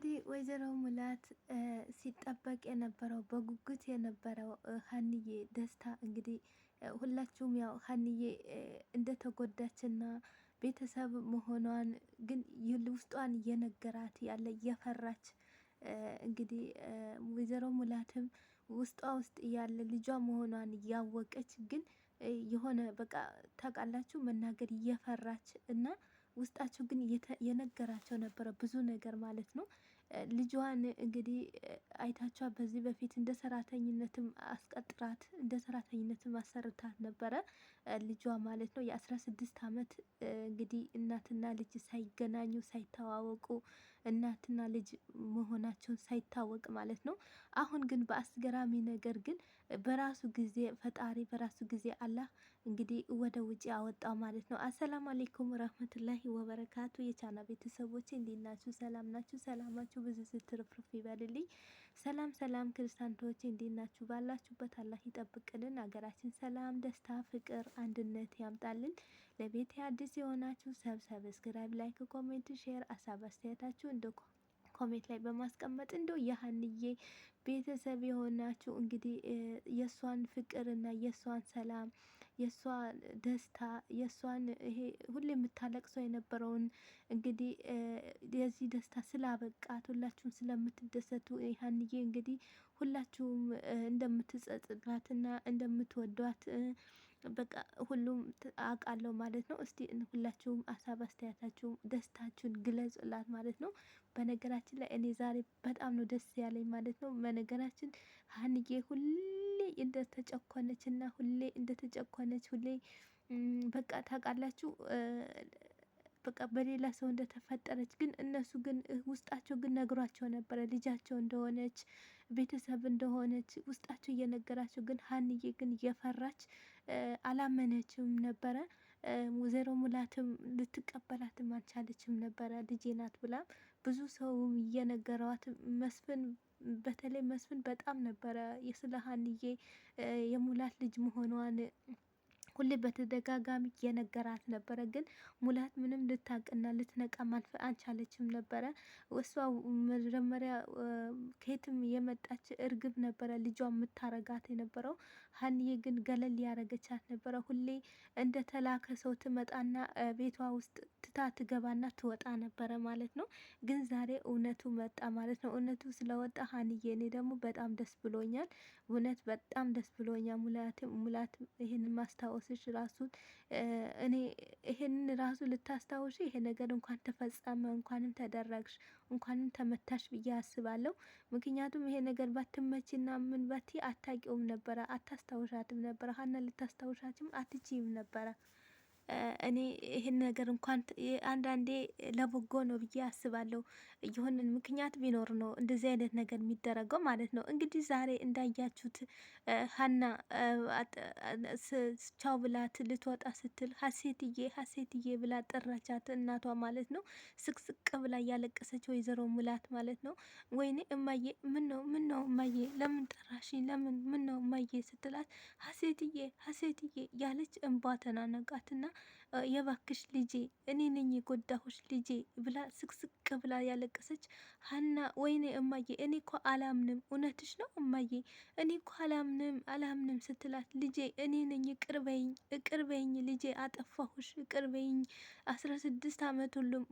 እንግዲህ ወይዘሮ ሙላት ሲጠበቅ የነበረው በጉጉት የነበረው ሀንዬ ደስታ እንግዲህ ሁላችሁም ያው ሀንዬ እንደተጎዳችና ቤተሰብ መሆኗን ግን ውስጧን እየነገራት ያለ እየፈራች እንግዲህ ወይዘሮ ሙላትም ውስጧ ውስጥ ያለ ልጇ መሆኗን እያወቀች ግን የሆነ በቃ ታውቃላችሁ መናገር እየፈራች እና ውስጣቸው ግን የነገራቸው ነበረ ብዙ ነገር ማለት ነው። ልጇን እንግዲህ አይታቿ በዚህ በፊት እንደ ሰራተኝነትም አስቀጥራት እንደ ሰራተኝነትም አሰርታት ነበረ። ልጇ ማለት ነው የአስራ ስድስት አመት እንግዲህ እናትና ልጅ ሳይገናኙ ሳይተዋወቁ እናትና ልጅ መሆናቸውን ሳይታወቅ ማለት ነው። አሁን ግን በአስገራሚ ነገር ግን በራሱ ጊዜ ፈጣሪ በራሱ ጊዜ አላህ እንግዲህ ወደ ውጭ አወጣ ማለት ነው። አሰላም አሌይኩም ረህመቱላሂ ወበረካቱ የቻና ቤተሰቦች እንዴት ናችሁ? ሰላም ናችሁ? ሰላማችሁ ብዙ ስትርፍርፍ ይበልልኝ። ሰላም ሰላም ክርስቲያንቶች እንዴት ናችሁ? ባላችሁበት አላህ ይጠብቅልን። ሀገራችን ሰላም፣ ደስታ፣ ፍቅር፣ አንድነት ያምጣልን። ለቤት አዲስ የሆናችሁ ሰብሰብ ስክራይብ፣ ላይክ፣ ኮሜንት፣ ሼር አሳብ አስተያየታችሁ እንደ ኮሜንት ላይ በማስቀመጥ እንደው የሀንዬ ቤተሰብ የሆናችሁ እንግዲህ የእሷን ፍቅርና የእሷን ሰላም የእሷ ደስታ የእሷን ይሄ ሁሌ የምታለቅሰው የነበረውን እንግዲህ የዚህ ደስታ ስላበቃት ሁላችሁም ስለምትደሰቱ ሀንዬ እንግዲህ ሁላችሁም እንደምትጸጽቷትና እንደምትወዷት በቃ ሁሉም አውቃለሁ ማለት ነው። እስቲ ሁላችሁም አሳብ አስተያየታችሁም ደስታችሁን ግለጹላት ማለት ነው። በነገራችን ላይ እኔ ዛሬ በጣም ነው ደስ ያለኝ ማለት ነው። በነገራችን ሀንዬ ሁሌ እንደተጨኮነች እና ሁሌ እንደተጨኮነች ሁሌ በቃ ታውቃላችሁ በቃ በሌላ ሰው እንደተፈጠረች ግን እነሱ ግን ውስጣቸው ግን ነግሯቸው ነበረ ልጃቸው እንደሆነች ቤተሰብ እንደሆነች ውስጣቸው እየነገራቸው ግን ሀንዬ ግን እየፈራች አላመነችም ነበረ። ወይዘሮ ሙላትም ልትቀበላትም አልቻለችም ነበረ ልጄ ናት ብላ ብዙ ሰውም እየነገረዋት መስፍን በተለይ መስፍን በጣም ነበረ የስለ ሀንዬ የሙላት ልጅ መሆኗን ሁሌ በተደጋጋሚ እየነገራት ነበረ። ግን ሙላት ምንም ልታቅና ልትነቃም አልቻለችም ነበረ። እሷ መጀመሪያ ከየትም የመጣች እርግብ ነበረ ልጇ የምታረጋት የነበረው ሀንዬ ግን ገለል ያረገቻት ነበረ። ሁሌ እንደ ተላከ ሰው ትመጣና ቤቷ ውስጥ ትታ ትገባና ትወጣ ነበረ ማለት ነው። ግን ዛሬ እውነቱ መጣ ማለት ነው። እውነቱ ስለወጣ ሀንዬ እኔ ደግሞ በጣም ደስ ብሎኛል። እውነት በጣም ደስ ብሎኛል። ሙላትም ሙላት ይህንን ማስታወስሽ ራሱ እኔ ይህንን ራሱ ልታስታውሽ ይሄ ነገር እንኳን ተፈጸመ እንኳንም ተደረግሽ እንኳንም ተመታሽ ብዬ አስባለሁ። ምክንያቱም ይሄ ነገር ባትመችና ምን ባቲ አታቂውም ነበረ፣ አታስታውሻትም ነበረ፣ ሀና ልታስታውሻትም አትችይም ነበረ። እኔ ይህን ነገር እንኳን አንዳንዴ ለበጎ ነው ብዬ አስባለሁ። የሆነ ምክንያት ቢኖር ነው እንደዚህ አይነት ነገር የሚደረገው ማለት ነው። እንግዲህ ዛሬ እንዳያችሁት ሀና ቻው ብላት ልትወጣ ስትል ሀሴትዬ ሀሴትዬ ብላ ጠራቻት እናቷ ማለት ነው። ስቅስቅ ብላ እያለቀሰች ወይዘሮ ሙላት ማለት ነው። ወይኔ እማዬ ምን ነው ምን ነው እማዬ ለምን ጠራሽኝ? ለምን ምን ነው እማዬ ስትላት ሀሴትዬ ሀሴትዬ ያለች እንባ ተናነቃትና የባክሽ ልጄ እኔ ነኝ የጎዳሁሽ ልጄ ብላ ስቅስቅ ብላ ያለቀሰች ሀና፣ ወይኔ እማዬ እኔ እኮ አላምንም፣ እውነትሽ ነው እማዬ እኔ እኮ አላምንም አላምንም ስትላት፣ ልጄ እኔ ነኝ ይቅር በይኝ፣ ይቅር በይኝ ልጄ አጠፋሁሽ፣ ይቅር በይኝ አስራ ስድስት አመት ሁሉም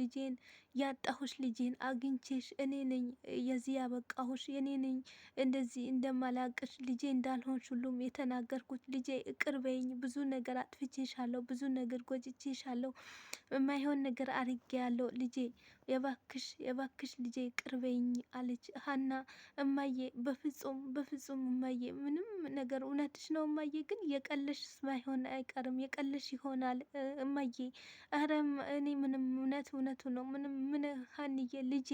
ልጄን ያጣሁሽ ልጄን አግኝቼሽ እኔ ነኝ የዚህ ያበቃሁሽ እኔ ነኝ እንደዚህ እንደማላቅሽ ልጄ እንዳልሆንሽ ሁሉም የተናገርኩት ልጄ ይቅር በይኝ። ብዙ ነገር አጥፍቼሻለሁ፣ ብዙ ነገር ጎጅቼሻለሁ፣ የማይሆን ነገር አርጌያለሁ ልጄ የባክሽ የባክሽ ልጄ ቅርበኝ አለች ሀና። እማዬ በፍጹም በፍጹም እማዬ፣ ምንም ነገር እውነትሽ ነው እማዬ፣ ግን የቀለሽ ባይሆን አይቀርም የቀለሽ ይሆናል እማዬ። አረ እኔ ምንም እውነት እውነቱ ነው ምንም ምን ሀንዬ ልጄ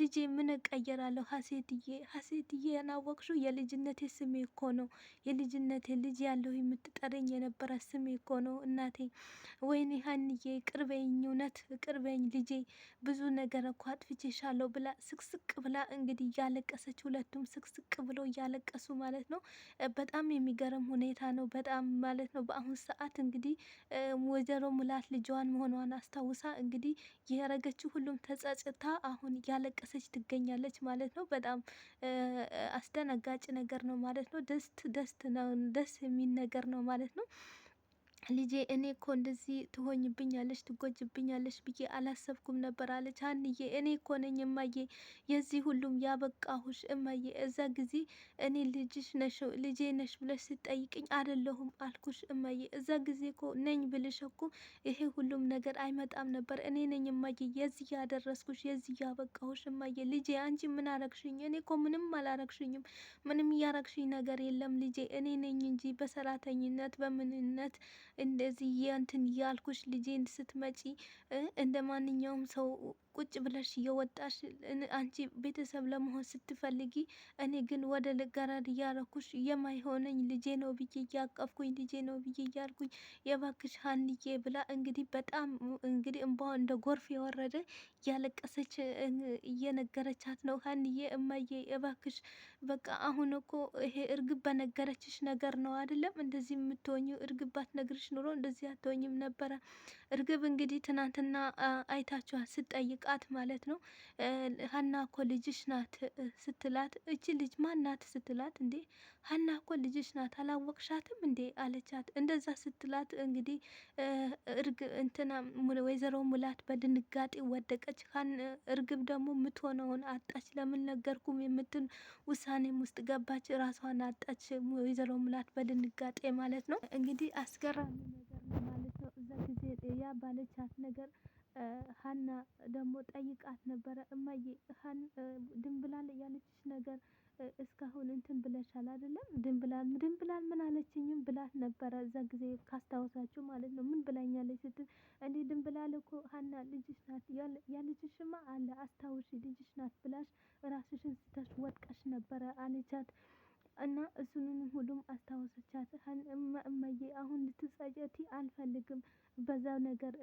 ልጄ ምን እቀየራለሁ? ሀሴትዬ ሀሴትዬ ያናወቅሽው የልጅነቴ ስሜ እኮ ነው። የልጅነቴ ልጅ ያለሁ የምትጠረኝ የነበረ ስሜ እኮ ነው እናቴ። ወይኔ ሀንዬ ቅርበኝ፣ እውነት ቅርበኝ ልጄ፣ ብዙ ነገር እኮ አጥፍቼሻለሁ ብላ ስቅስቅ ብላ እንግዲህ እያለቀሰች፣ ሁለቱም ስቅስቅ ብሎ እያለቀሱ ማለት ነው። በጣም የሚገርም ሁኔታ ነው። በጣም ማለት ነው። በአሁን ሰዓት እንግዲህ ወይዘሮ ሙላት ልጇን መሆኗን አስታውሳ እንግዲህ ያረገችው ሁሉም ተጸጽታ አሁን እያለቀ እያለቀሰች ትገኛለች ማለት ነው። በጣም አስደነጋጭ ነገር ነው ማለት ነው። ደስ ነው ደስ የሚል ነገር ነው ማለት ነው። ልጄ እኔ እኮ እንደዚህ ትሆኝብኛለሽ ትጎጅብኛለሽ ብዬ አላሰብኩም ነበር አለች። ሀንዬ እኔ እኮ ነኝ እማዬ የዚህ ሁሉም ያበቃሁሽ እማዬ። እዛ ጊዜ እኔ ልጅሽ ነሽ ልጄ ነሽ ብለሽ ስጠይቅኝ አደለሁም አልኩሽ እማዬ። እዛ ጊዜ እኮ ነኝ ብልሽ እኮ ይሄ ሁሉም ነገር አይመጣም ነበር። እኔ ነኝ እማዬ የዚህ ያደረስኩሽ የዚህ ያበቃሁሽ እማዬ። ልጄ አንቺ ምን አረግሽኝ? እኔ እኮ ምንም አላረግሽኝም። ምንም እያረግሽኝ ነገር የለም ልጄ። እኔ ነኝ እንጂ በሰራተኝነት በምንነት እንደዚህ እንትን ልጄን ስትመጪ እንደ ማንኛውም ሰው ቁጭ ብለሽ እየወጣሽ አንቺ ቤተሰብ ለመሆን ስትፈልጊ፣ እኔ ግን ወደ ልገረድ እያረኩሽ የማይሆነኝ ልጄ ነው ብዬ እያቀፍኩኝ ልጄ ነው ብዬ እያልኩኝ የባክሽ ሀንዬ ብላ እንግዲህ በጣም እንግዲህ እንባዋ እንደ ጎርፍ የወረደ እያለቀሰች እየነገረቻት ነው። ሀንዬ እማዬ የባክሽ በቃ አሁን እኮ ይሄ እርግብ በነገረችሽ ነገር ነው አይደለም እንደዚህ የምትሆኙ እርግብ ባትነግርሽ ኑሮ እንደዚህ አትሆኝም ነበረ። እርግብ እንግዲህ ትናንትና አይታችኋል ስጠይቅ ጠየቃት ማለት ነው። ሀና እኮ ልጅሽ ናት ስትላት እቺ ልጅ ማናት ስትላት እንዴ ሀና እኮ ልጅሽ ናት አላወቅሻትም እንዴ አለቻት። እንደዛ ስትላት እንግዲህ እርግ እንትና ወይዘሮ ሙላት በድንጋጤ ወደቀች። እርግብ ደግሞ የምትሆነውን አጣች። ለምን ነገርኩም የምትል ውሳኔም ውስጥ ገባች። ራሷን አጣች ወይዘሮ ሙላት በድንጋጤ ማለት ነው። እንግዲህ አስገራሚ ነገር ነው ማለት ነው። እዛ ጊዜ ያ ባለቻት ነገር ሀና ደግሞ ጠይቃት ነበረ። እማዬ ድንብላል ያለችሽ ነገር እስካሁን እንትን ብለሻል አይደለም? ድንብላል ድንብላል ምን አለችኝም ብላት ነበረ። እዛ ጊዜ ካስታወሳችሁ ማለት ነው። ምን ብላኛለች ስትል እኔ ድንብላል እኮ ሀና ልጅሽ ናት ያለችሽማ አለ አስታውሽ፣ ልጅሽ ናት ብላሽ ራስሽን ስተሽ ወድቀሽ ነበረ አለቻት። እና እሱንም ሁሉም አስታወሰቻት። እማዬ አሁን ልትጸጸቲ አልፈልግም በዛ ነገር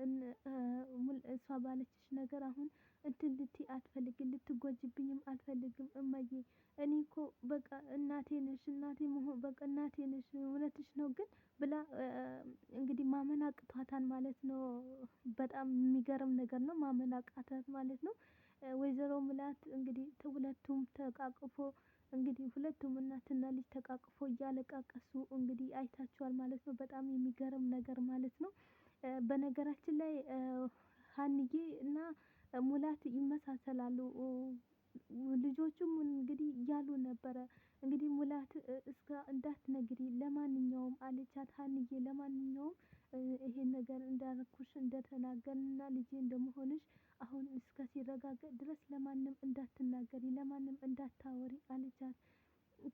እሷ ባለችሽ ነገር አሁን እንትን ልትይ አትፈልግም፣ ልትጎጅብኝም አትፈልግም። እመዬ እኔ እኮ በቃ እናቴ ነሽ እናቴ መሆን በቃ እናቴ ነሽ እውነትሽ ነው ግን ብላ እንግዲህ ማመን አቅቷታል ማለት ነው። በጣም የሚገርም ነገር ነው። ማመን አቃታት ማለት ነው። ወይዘሮ ምላት እንግዲህ ሁለቱም ተቃቅፎ እንግዲህ ሁለቱም እናትና ልጅ ተቃቅፎ እያለቃቀሱ እንግዲህ አይታችኋል ማለት ነው። በጣም የሚገርም ነገር ማለት ነው። በነገራችን ላይ ሀንዬ እና ሙላት ይመሳሰላሉ። ልጆቹም እንግዲህ እያሉ ነበረ እንግዲህ ሙላት እስከ እንዳትነግሪ ለማንኛውም አለቻት ሀንዬ ለማንኛውም ይሄን ነገር እንዳረኩሽ እንደተናገርንና ልጄ እንደመሆንሽ አሁን እስከ ሲረጋገጥ ድረስ ለማንም እንዳትናገሪ ለማንም እንዳታወሪ አለቻት።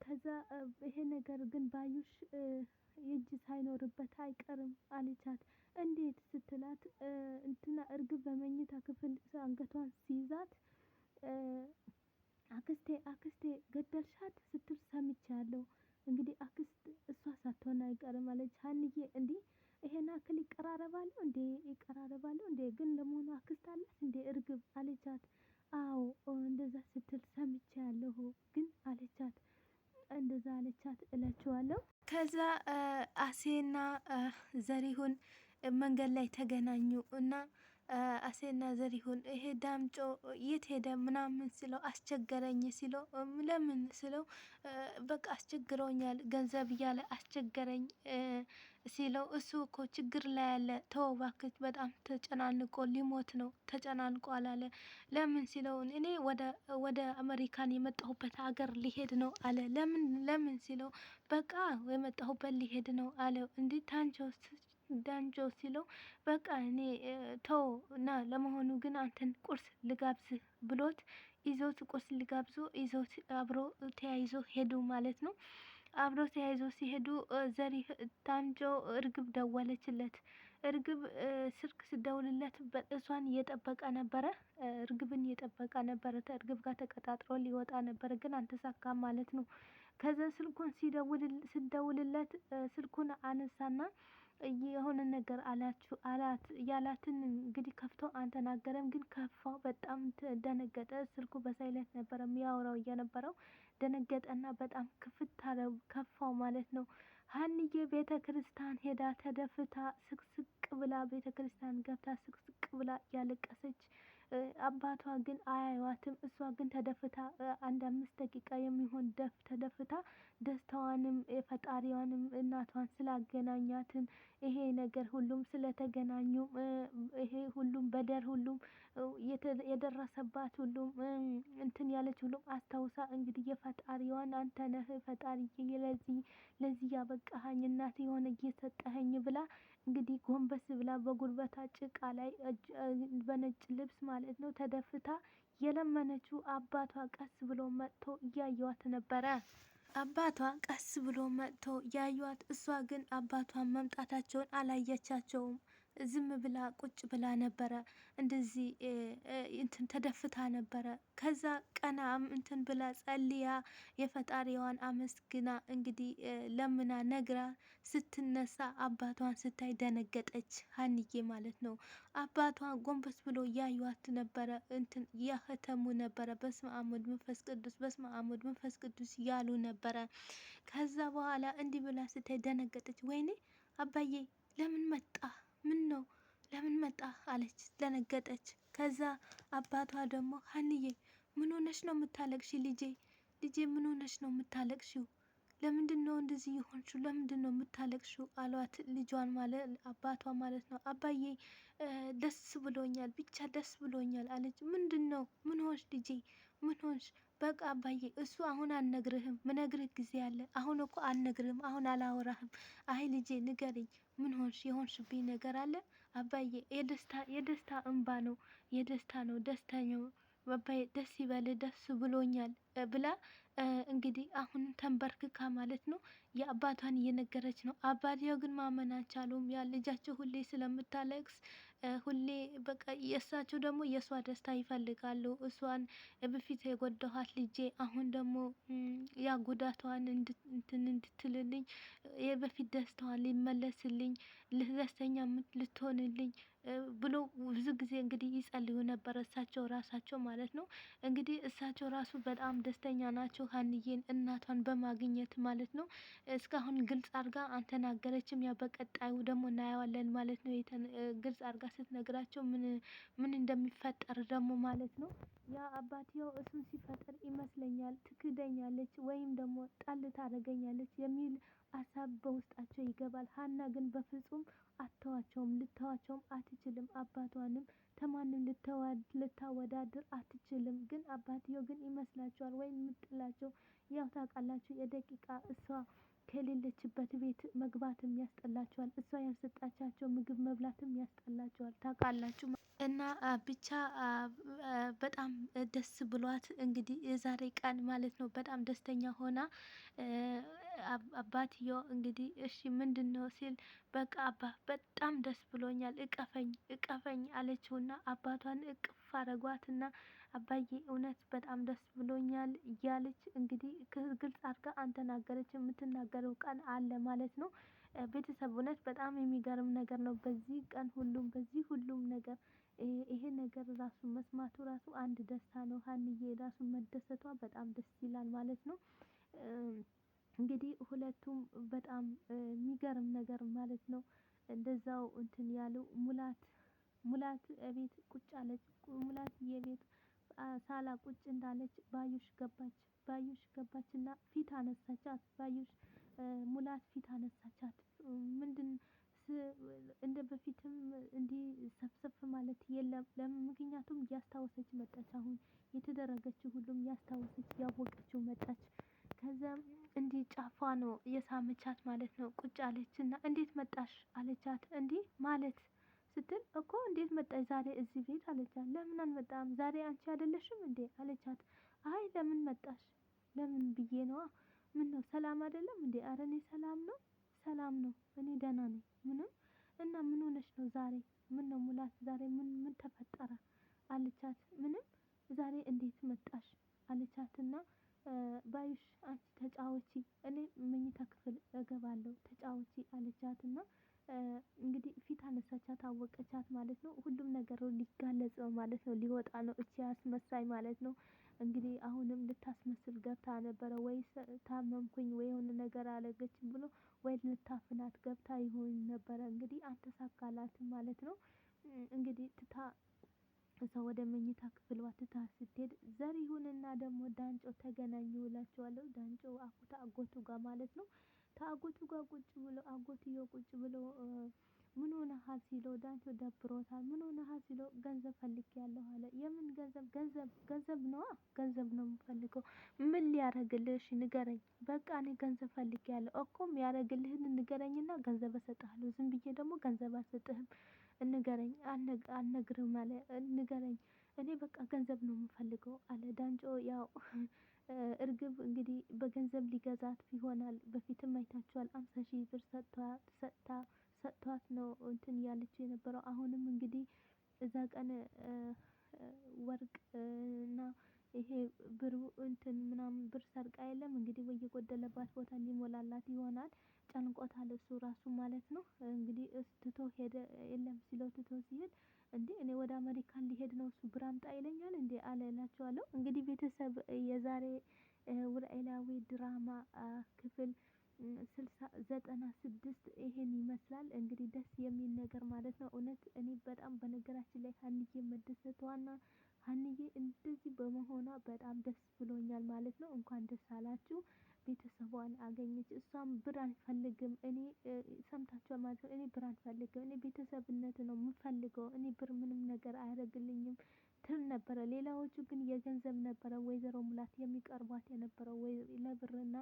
ከዛ ይሄ ነገር ግን ባዩሽ እጅ ሳይኖርበት አይቀርም አለቻት። እንዴት ስትላት እንትና እርግብ በመኝታ ክፍል አንገቷን ሲይዛት አክስቴ አክስቴ ገደልሻት ስትል ሰምቻለሁ። እንግዲህ አክስት እሷ ሳትሆን አይቀርም አለች። ሀንዬ እንዲህ ይሄን አክል ይቀራረባሉ እንዴ? ይቀራረባሉ እንዴ? ግን ለመሆኑ አክስት አላት እንዴ እርግብ አለቻት። አዎ እንደዛ ስትል ሰምቻለሁ ግን አለቻት። እንደዛ አለቻት እላችኋለሁ። ከዛ አሴና ዘሪሁን መንገድ ላይ ተገናኙ እና አሴና ዘሪሁን ይሄ ዳምጮ የት ሄደ ምናምን ስለው አስቸገረኝ ሲለው ለምን ስለው በቃ አስቸግረውኛል ገንዘብ እያለ አስቸገረኝ ሲለው እሱ እኮ ችግር ላይ ያለ ተወባክች በጣም ተጨናንቆ ሊሞት ነው ተጨናንቆ አላለ። ለምን ሲለው እኔ ወደ አሜሪካን የመጣሁበት ሀገር ሊሄድ ነው አለ። ለምን ለምን ሲለው በቃ የመጣሁበት ሊሄድ ነው አለ። እንዲህ ታንጆስ ዳንጆ ሲለው በቃ እኔ ተው እና ለመሆኑ ግን አንተን ቁርስ ልጋብዝ ብሎት ይዞት ቁርስ ልጋብዞ ይዞት አብሮ ተያይዞ ሄዱ ማለት ነው። አብረው ተያይዘው ሲሄዱ ዘሪህ ታንጆ እርግብ ደወለችለት። እርግብ ስልክ ስደውልለት እሷን እየጠበቀ ነበረ። እርግብን እየጠበቀ ነበረ። እርግብ ጋር ተቀጣጥሮ ሊወጣ ነበረ፣ ግን አልተሳካም ማለት ነው። ከዛ ስልኩን ስደውልለት ስልኩን አነሳና የሆነ ነገር አላችሁ አላት ያላትን እንግዲህ ከፍቶ አልተናገረም፣ ግን ከፋው። በጣም ደነገጠ። ስልኩ በሳይለንት ነበረ የሚያወራው እየነበረው ደነገጠና በጣም ክፍት አለው ከፋው ማለት ነው። ሀንዬ ቤተ ክርስቲያን ሄዳ ተደፍታ ስቅስቅ ብላ ቤተ ክርስቲያን ገብታ ስቅስቅ ብላ ያለቀሰች፣ አባቷ ግን አያዩዋትም። እሷ ግን ተደፍታ አንድ አምስት ደቂቃ የሚሆን ደፍ ተደፍታ ደስታዋንም የፈጣሪዋንም እናቷን ስላገናኛትን ይሄ ነገር ሁሉም ስለተገናኙ በደር ሁሉም የደረሰባት ሁሉም እንትን ያለች ሁሉም አስታውሳ እንግዲህ የፈጣሪዋን አንተ ነህ ፈጣሪዬ ለዚህ ለዚህ ያበቃኸኝ እናት የሆነ እየሰጠኸኝ ብላ እንግዲህ ጎንበስ ብላ በጉልበታ ጭቃ ላይ በነጭ ልብስ ማለት ነው ተደፍታ የለመነችው አባቷ ቀስ ብሎ መጥቶ እያየዋት ነበረ። አባቷ ቀስ ብሎ መጥቶ ያዩዋት፣ እሷ ግን አባቷን መምጣታቸውን አላየቻቸውም። ዝም ብላ ቁጭ ብላ ነበረ። እንደዚህ እንትን ተደፍታ ነበረ። ከዛ ቀና እንትን ብላ ጸልያ የፈጣሪዋን አመስግና እንግዲህ ለምና ነግራ ስትነሳ አባቷን ስታይ ደነገጠች፣ ሀንዬ ማለት ነው። አባቷ ጎንበስ ብሎ ያዩዋት ነበረ። እንትን ያህተሙ ነበረ። በስመ አብ ወወልድ መንፈስ ቅዱስ፣ በስመ አብ ወወልድ ቅዱስ ያሉ ነበረ። ከዛ በኋላ እንዲህ ብላ ስታይ ደነገጠች። ወይኔ አባዬ ለምን መጣ ምን ነው ለምን መጣ አለች። ደነገጠች። ከዛ አባቷ ደግሞ ሀንዬ ምን ሆነሽ ነው የምታለቅሽ? ልጄ ልጄ ምን ሆነሽ ነው የምታለቅሽው? ለምንድን ነው እንደዚህ የሆንሽው? ለምንድን ነው የምታለቅሽው? አሏት ልጇን ማለት አባቷ ማለት ነው። አባዬ ደስ ብሎኛል፣ ብቻ ደስ ብሎኛል አለች። ምንድን ነው ምን ሆንሽ ልጄ ምን ሆንሽ? በቃ አባዬ እሱ አሁን አልነግርህም፣ ምነግርህ ጊዜ አለ። አሁን እኮ አልነግርህም፣ አሁን አላወራህም። አይ ልጄ ንገርኝ፣ ምን ሆንሽ? የሆንሽብኝ ነገር አለ አባዬ። የደስታ የደስታ እንባ ነው፣ የደስታ ነው፣ ደስተኛው አባዬ ደስ ይበል ደስ ብሎኛል ብላ እንግዲህ አሁን ተንበርክካ ማለት ነው የአባቷን እየነገረች ነው። አባትየው ግን ማመን አልቻሉም። ያ ልጃቸው ሁሌ ስለምታለቅስ ሁሌ በቃ የእሳቸው ደግሞ የእሷ ደስታ ይፈልጋሉ። እሷን በፊት የጎዳኋት ልጄ አሁን ደግሞ ያ ጉዳቷን እንትን እንድትልልኝ የበፊት ደስታዋን ሊመለስልኝ ደስተኛ ልትሆንልኝ ብሎ ብዙ ጊዜ እንግዲህ ይጸልዩ ነበር እሳቸው ራሳቸው ማለት ነው። እንግዲህ እሳቸው ራሱ በጣም ደስተኛ ናቸው ሀንዬን እናቷን በማግኘት ማለት ነው። እስካሁን ግልጽ አድርጋ አልተናገረችም። ያ በቀጣዩ ደግሞ እናየዋለን ማለት ነው። ግልጽ አድርጋ ስትነግራቸው ምን እንደሚፈጠር ደግሞ ማለት ነው። ያ አባትየው እሱን ሲፈጥር ይመስለኛል ትክደኛለች ወይም ደግሞ ጣል ታደርገኛለች የሚል አሳብ በውስጣቸው ይገባል። ሀና ግን በፍጹም አተዋቸውም፣ ልተዋቸውም አትችልም። አባቷንም ተማንም ልታወዳድር አትችልም። ግን አባትየው ግን ይመስላችኋል ወይም የምትጥላቸው ያው ታውቃላችሁ፣ የደቂቃ እሷ ከሌለችበት ቤት መግባትም ያስጠላቸዋል። እሷ ያልሰጣቻቸው ምግብ መብላትም ያስጠላቸዋል። ታውቃላችሁ እና ብቻ በጣም ደስ ብሏት እንግዲህ የዛሬ ቀን ማለት ነው በጣም ደስተኛ ሆና አባትየው እንግዲህ እሺ ምንድን ነው ሲል በቃ አባ በጣም ደስ ብሎኛል እቀፈኝ እቀፈኝ እና አባቷን እቅፍ እና አባዬ እውነት በጣም ደስ ብሎኛል እያለች እንግዲህ ግልጽ አድርጋ አንተናገረች የምትናገረው ቀን አለ ማለት ነው። ቤተሰብ እውነት በጣም የሚገርም ነገር ነው። በዚህ ቀን ሁሉም በዚህ ሁሉም ነገር ይሄ ነገር ራሱ መስማቱ ራሱ አንድ ደስታ ነው። ሀንዬ ራሱ መደሰቷ በጣም ደስ ይላል ማለት ነው። እንግዲህ ሁለቱም በጣም የሚገርም ነገር ማለት ነው። እንደዛው እንትን ያሉ ሙላት ሙላት እቤት ቁጭ አለች። ሙላት የቤት ሳላ ቁጭ እንዳለች ባዩሽ ገባች። ባዩሽ እና ፊት አነሳቻት። ባዩሽ ሙላት ፊት አነሳቻት። ምንድን እንደ በፊትም እንዲህ ሰብሰብ ማለት የለም። ለምን ምክንያቱም እያስታወሰች መጣች። አሁን የተደረገችው ሁሉም እያስታወሰች እያወቀችው መጣች። ከዛም እንዲህ ጫፏ ነው የሳመቻት ማለት ነው። ቁጭ አለች እና እንዴት መጣሽ አለቻት። እንዲህ ማለት ስትል እኮ እንዴት መጣሽ ዛሬ እዚህ ቤት አለቻት። ለምን አልመጣም ዛሬ አንቺ አይደለሽም እንዴ አለቻት። አይ ለምን መጣሽ ለምን ብዬ ነዋ። ምን ነው ሰላም አይደለም እንዴ? አረ እኔ ሰላም ነው ሰላም ነው እኔ ደህና ነኝ። ምንም እና ምን ሆነሽ ነው ዛሬ? ምን ነው ሙላት ዛሬ ምን ምን ተፈጠረ አለቻት። ምንም ዛሬ እንዴት መጣሽ አለቻትና ባዩሽ አንቺ ተጫወቺ እኔ መኝታ ክፍል እገባለሁ ተጫወቺ አለቻትና እንግዲህ ፊት አነሳቻት አወቀቻት ማለት ነው። ሁሉም ነገር ሊጋለጽ ነው ማለት ነው። ሊወጣ ነው እቺ አስመሳይ ማለት ነው። እንግዲህ አሁንም ልታስመስል ገብታ ነበረ ወይ ታመምኩኝ ወይ የሆነ ነገር አለገች ብሎ ወይ ልታፍናት ገብታ ይሆን ነበረ። እንግዲህ አልተሳካላትም ማለት ነው። እንግዲህ ትታ እሷ ወደ መኝታ ክፍል ትታ ስትሄድ ዘሪሁንና ደግሞ ዳንጮ ተገናኙ እላቸዋለሁ። ዳንጮ አጎቱ ጋር ማለት ነው። ከአጎቱ ጋር ቁጭ ብሎ አጎትየው ቁጭ ብሎ ምን ሆነሃል ሲለው ዳንቾ ደብሮታል። ምን ሆነሃል ሲለው ገንዘብ ፈልጌያለሁ አለ። የምን ገንዘብ? ገንዘብ ገንዘብ ነዋ፣ ገንዘብ ነው የምፈልገው። ምን ሊያረግልሽ ንገረኝ። በቃ እኔ ገንዘብ ፈልጌያለሁ እኮ። የሚያረግልህን ንገረኝና ገንዘብ እሰጥሃለሁ። ዝም ብዬ ደግሞ ገንዘብ አልሰጥህም። ንገረኝ አልነግርህም አለ። ንገረኝ እኔ በቃ ገንዘብ ነው የምፈልገው አለ። ዳንጮ ያው እርግብ እንግዲህ በገንዘብ ሊገዛት ይሆናል። በፊትም አይታችኋል። አምሳ ሺህ ብር ሰጥታ ሰጥቷት ነው እንትን እያለችው የነበረው። አሁንም እንግዲህ እዛ ቀን ወርቅ እና ይሄ ብሩ እንትን ምናምን ብር ሰርቃ የለም እንግዲህ በየጎደለባት ቦታ ሊሞላላት ይሆናል። ጨንቆታል እሱ ራሱ ማለት ነው። እንግዲህ ትቶ ሄደ የለም ሲለው ትቶ ሲሄድ እንዴ እኔ ወደ አሜሪካን ሊሄድ ነው እሱ ብራምጣ ይለኛል እንዴ አለ እላቸዋለሁ። እንግዲህ ቤተሰብ የዛሬ ውራኤላዊ ድራማ ክፍል ስልሳ ዘጠና ስድስት ይሄን ይመስላል። እንግዲህ ደስ የሚል ነገር ማለት ነው። እውነት እኔ በጣም በነገራችን ላይ ሀንዬ መደሰቷና ሀንዬ እንደዚህ በመሆኗ በጣም ደስ ብሎኛል ማለት ነው። እንኳን ደስ አላችሁ። ቤተሰቧን አገኘች። እሷም ብር አልፈልግም እኔ ሰምታችኋል ማለት ነው። እኔ ብር አልፈልግም እኔ ቤተሰብነት ነው የምፈልገው እኔ ብር ምንም ነገር አያደርግልኝም ትል ነበረ። ሌላዎቹ ግን የገንዘብ ነበረ ወይዘሮ ሙላት የሚቀርቧት የነበረው ለብርና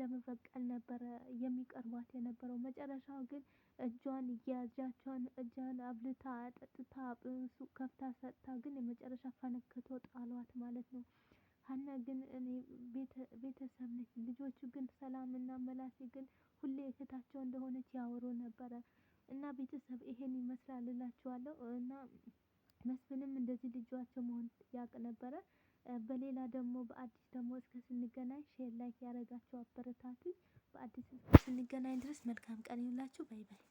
ለመበቀል ነበረ የሚቀርቧት የነበረው። መጨረሻው ግን እጇን እያያዣቸውን እጇን አብልታ አጠጥታ ሱቅ ከፍታ ሰጥታ ግን የመጨረሻ ፈነክቶ ጣሏት ማለት ነው። ሀና ግን እኔ ቤተሰብ ነች። ልጆቹ ግን ሰላም እና መላሴ ግን ሁሌ እህታቸው እንደሆነች ያወሩ ነበረ እና ቤተሰብ ይሄን ይመስላል እላችኋለሁ። እና መስፍንም እንደዚህ ልጇቸው መሆን ያውቅ ነበረ። በሌላ ደግሞ በአዲስ ደግሞ እስከ ስንገናኝ ሼር ላይክ ያደረጋችሁ በአዲስ እስከ ስንገናኝ ድረስ መልካም ቀን ይሁንላችሁ። ባይ ባይ።